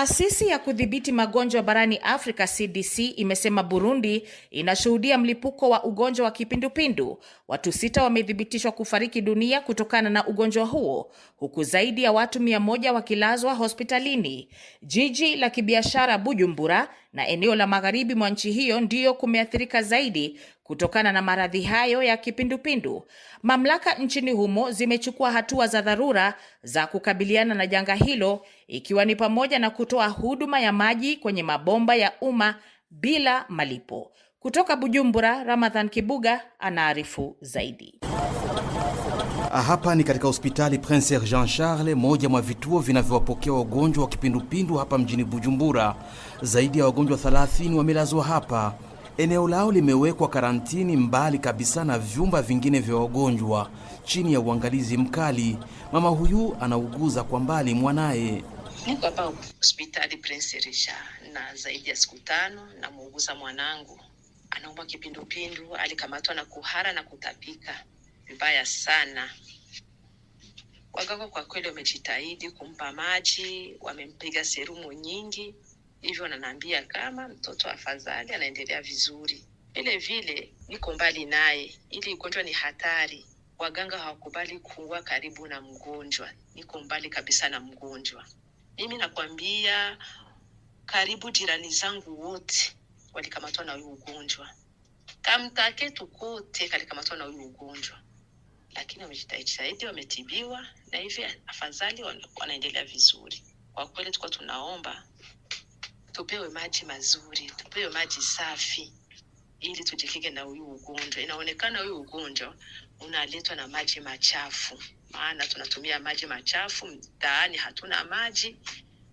Taasisi ya kudhibiti magonjwa barani Afrika CDC imesema Burundi inashuhudia mlipuko wa ugonjwa wa kipindupindu. Watu sita wamethibitishwa kufariki dunia kutokana na ugonjwa huo huku zaidi ya watu mia moja wakilazwa hospitalini. Jiji la kibiashara Bujumbura na eneo la magharibi mwa nchi hiyo ndiyo kumeathirika zaidi kutokana na maradhi hayo ya kipindupindu. Mamlaka nchini humo zimechukua hatua za dharura za kukabiliana na janga hilo, ikiwa ni pamoja na kutoa huduma ya maji kwenye mabomba ya umma bila malipo. Kutoka Bujumbura, Ramadhan Kibuga anaarifu zaidi. Ah, hapa ni katika hospitali Prince Jean Charles, moja mwa vituo vinavyowapokea wagonjwa wa kipindupindu hapa mjini Bujumbura. Zaidi ya wagonjwa 30 wamelazwa hapa. Eneo lao limewekwa karantini mbali kabisa na vyumba vingine vya wagonjwa, chini ya uangalizi mkali. Mama huyu anauguza kwa mbali mwanaye. Niko hapa hospitali Prince Richard na zaidi ya siku tano, na muuguza mwanangu anaumwa kipindupindu, alikamatwa na kuhara na kutapika vibaya sana. wagogo kwa kweli wamejitahidi kumpa maji, wamempiga serumu nyingi, hivyo ananiambia kama mtoto afadhali anaendelea vizuri. Vile vile niko mbali naye, ili ugonjwa ni hatari. Waganga hawakubali kuwa karibu na mgonjwa, niko mbali kabisa na mgonjwa. Mimi nakwambia karibu jirani zangu wote walikamatwa na huyu ugonjwa, kamtaketu kote kalikamatwa na huyu ugonjwa lakini wamejitahidi zaidi, wametibiwa na hivi afadhali wanaendelea vizuri. Kwa kweli, tulikuwa tunaomba tupewe maji mazuri, tupewe maji safi ili tujikinge na huyu ugonjwa. Inaonekana huyu ugonjwa unaletwa na maji machafu, maana tunatumia maji machafu mtaani, hatuna maji.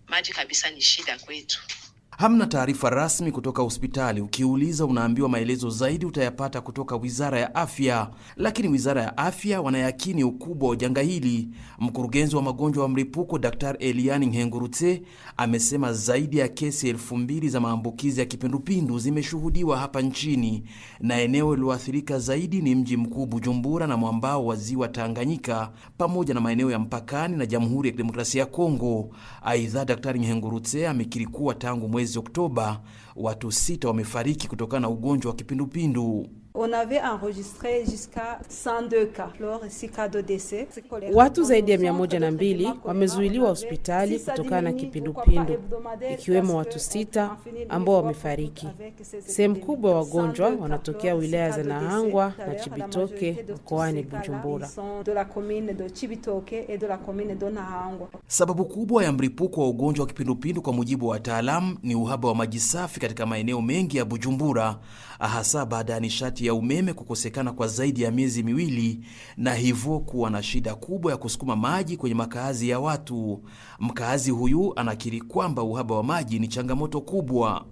Maji kabisa ni shida kwetu. Hamna taarifa rasmi kutoka hospitali. Ukiuliza unaambiwa maelezo zaidi utayapata kutoka wizara ya afya, lakini wizara ya afya wanayakini ukubwa wa janga hili. Mkurugenzi wa magonjwa wa mlipuko Dr Eliani Nghengurutse amesema zaidi ya kesi elfu mbili za maambukizi ya kipindupindu zimeshuhudiwa hapa nchini, na eneo lililoathirika zaidi ni mji mkuu Bujumbura na mwambao wa ziwa Tanganyika pamoja na maeneo ya mpakani na Jamhuri ya Kidemokrasia ya Kongo. Aidha, Dr Nghengurutse amekiri kuwa tangu mwezi mwezi Oktoba watu sita wamefariki kutokana na ugonjwa wa kipindupindu. On avait enregistré jusqu'à 102 cas, lors 6 cas de décès. Watu zaidi ya mia moja na mbili wamezuiliwa hospitali kutokana na kipindupindu, ikiwemo watu sita ambao wamefariki. Sehemu kubwa wagonjwa wanatokea wilaya za Nahangwa na Chibitoke mkoani Bujumbura. Sababu kubwa ya mlipuko wa ugonjwa wa kipindupindu kwa mujibu wa wataalamu ni uhaba wa maji safi katika maeneo mengi ya Bujumbura, hasa baada ya nishati nishati ya umeme kukosekana kwa zaidi ya miezi miwili na hivyo kuwa na shida kubwa ya kusukuma maji kwenye makaazi ya watu. Mkaazi huyu anakiri kwamba uhaba wa maji ni changamoto kubwa.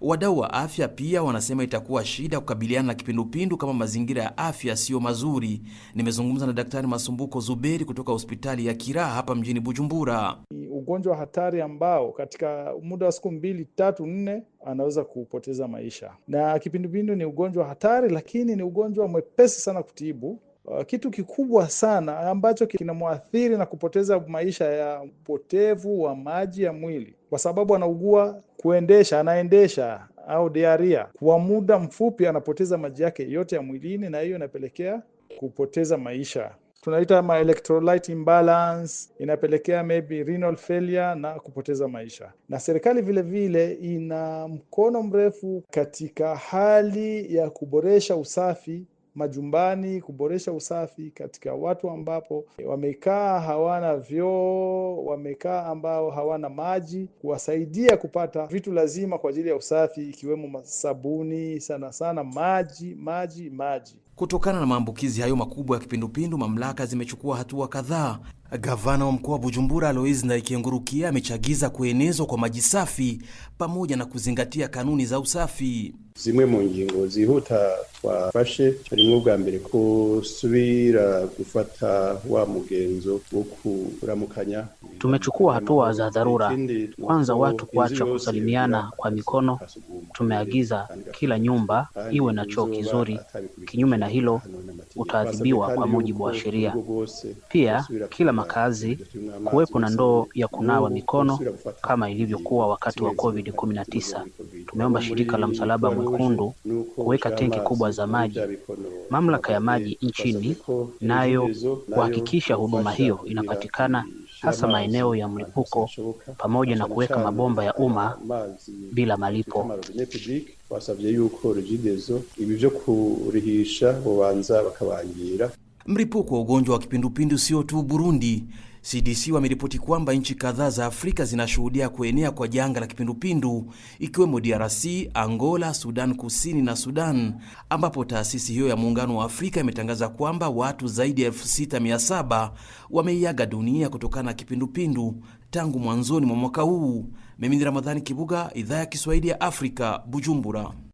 Wadau wa afya pia wanasema itakuwa shida kukabiliana na kipindupindu kama mazingira ya afya siyo mazuri. Nimezungumza na Daktari Masumbuko Zuberi kutoka hospitali ya Kiraha hapa mjini Bujumbura ugonjwa hatari ambao katika muda wa siku mbili tatu nne anaweza kupoteza maisha. Na kipindupindu ni ugonjwa hatari, lakini ni ugonjwa mwepesi sana kutibu. Uh, kitu kikubwa sana ambacho kinamwathiri na kupoteza maisha ya upotevu wa maji ya mwili, kwa sababu anaugua kuendesha, anaendesha au diaria kwa muda mfupi, anapoteza maji yake yote ya mwilini, na hiyo inapelekea kupoteza maisha tunaita ma electrolyte imbalance inapelekea maybe renal failure na kupoteza maisha. Na serikali vile vile ina mkono mrefu katika hali ya kuboresha usafi majumbani, kuboresha usafi katika watu ambapo wamekaa hawana vyoo, wamekaa ambao hawana maji, kuwasaidia kupata vitu lazima kwa ajili ya usafi, ikiwemo sabuni, sana sana maji, maji, maji. Kutokana na maambukizi hayo makubwa ya kipindupindu, mamlaka zimechukua hatua kadhaa. Gavana wa mkoa wa Bujumbura Alois naikiengurukia amechagiza kuenezwa kwa maji safi pamoja na kuzingatia kanuni za usafi. Zimwe mu ngingo zihuta twafashe harimwo ubwa mbere subira gufata wa mugenzo wo kuramukanya. Tumechukua hatua za dharura, kwanza watu kuacha kusalimiana kwa mikono. Tumeagiza kila nyumba iwe na choo kizuri, kinyume na hilo utaadhibiwa kwa mujibu wa sheria. Pia kila makazi kuwepo na ndoo ya kunawa mikono kama ilivyokuwa wakati wa COVID-19 tumeomba shirika la Msalaba Mwekundu kuweka tenki kubwa za maji, mamlaka ya maji nchini nayo kuhakikisha huduma hiyo inapatikana hasa maeneo ya mlipuko, pamoja na kuweka mabomba ya umma bila malipo. Mlipuko wa ugonjwa wa kipindupindu sio tu Burundi CDC wameripoti kwamba nchi kadhaa za Afrika zinashuhudia kuenea kwa janga la kipindupindu ikiwemo DRC, Angola, Sudan Kusini na Sudan, ambapo taasisi hiyo ya Muungano wa Afrika imetangaza kwamba watu zaidi ya 6700 wameiaga dunia kutokana na kipindupindu tangu mwanzoni mwa mwaka huu. Mimi ni Ramadhani Kibuga, idhaa ya Kiswahili ya Afrika, Bujumbura.